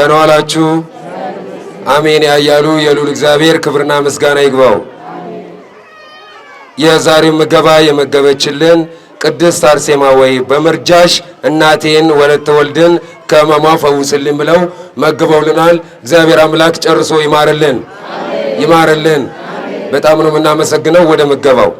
ደህና ዋላችሁ። አሜን ያያሉ የሉል እግዚአብሔር ክብርና ምስጋና ይግባው። የዛሬው ምገባ የመገበችልን ቅድስት አርሴማ ወይ በምርጃሽ እናቴን ወለተ ወልድን ከሕመሟ ፈውስልን ብለው መግበውልናል። እግዚአብሔር አምላክ ጨርሶ ይማርልን ይማርልን። በጣም ነው የምናመሰግነው። ወደ ምገባው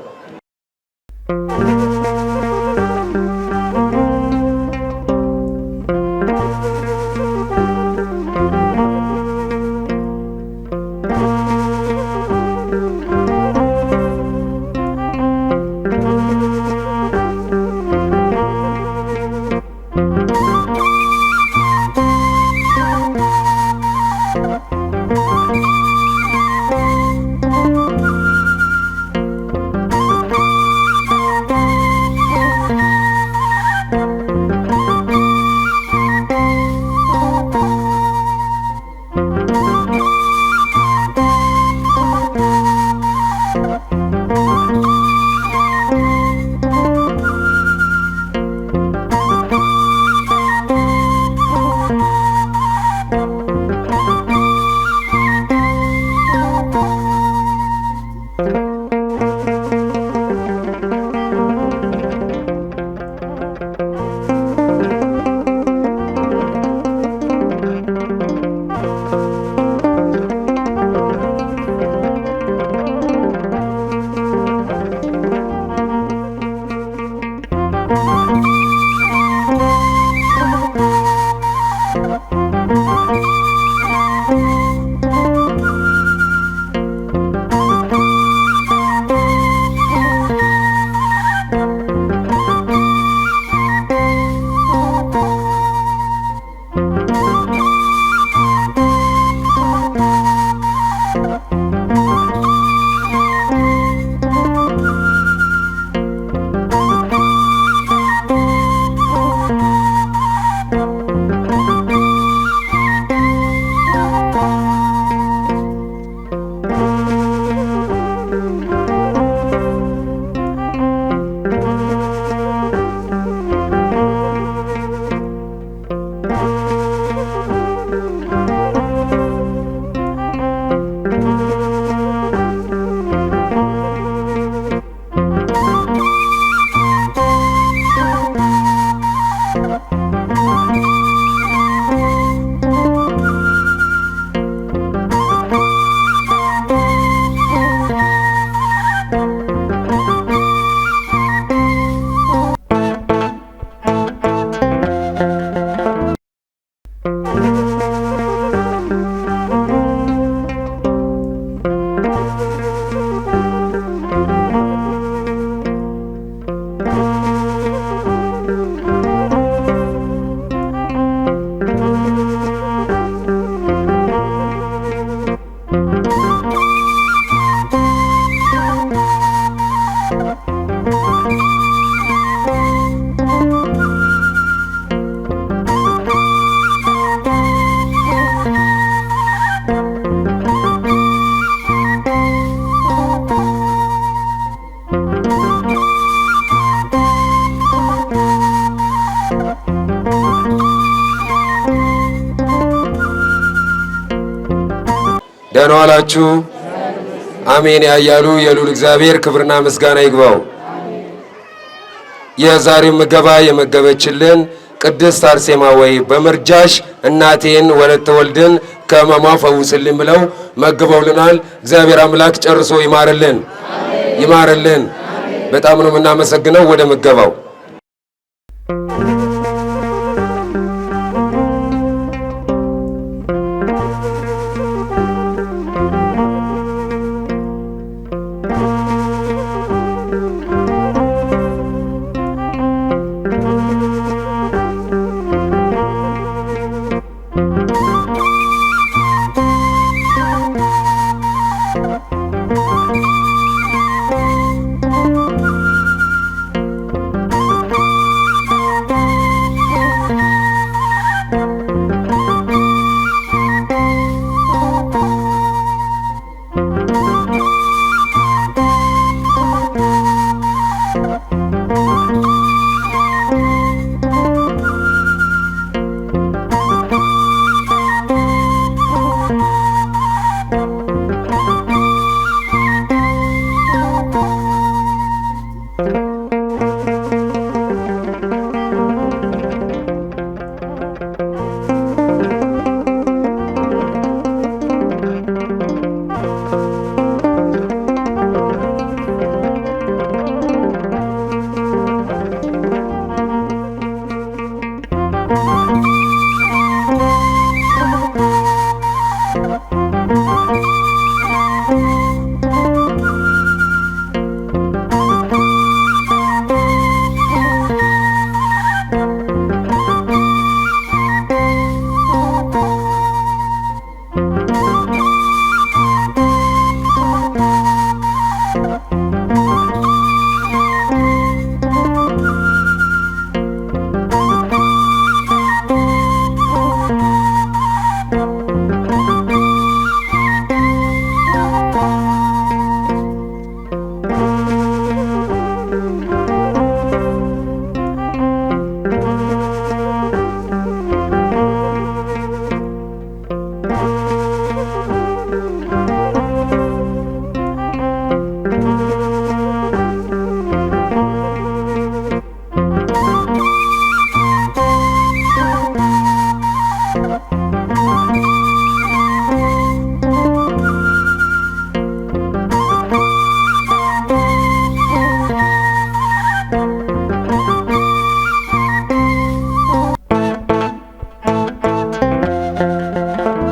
ደህና ዋላችሁ። አሜን ያያሉ የሉል እግዚአብሔር ክብርና ምስጋና ይግባው። የዛሬው ምገባ የመገበችልን ቅድስት አርሴማ ወይ በምርጃሽ እናቴን ወለተ ወልድን ከሕመሟ ፈውስልን ብለው መግበውልናል። እግዚአብሔር አምላክ ጨርሶ ይማርልን ይማርልን። በጣም ነው የምናመሰግነው። ወደ ምገባው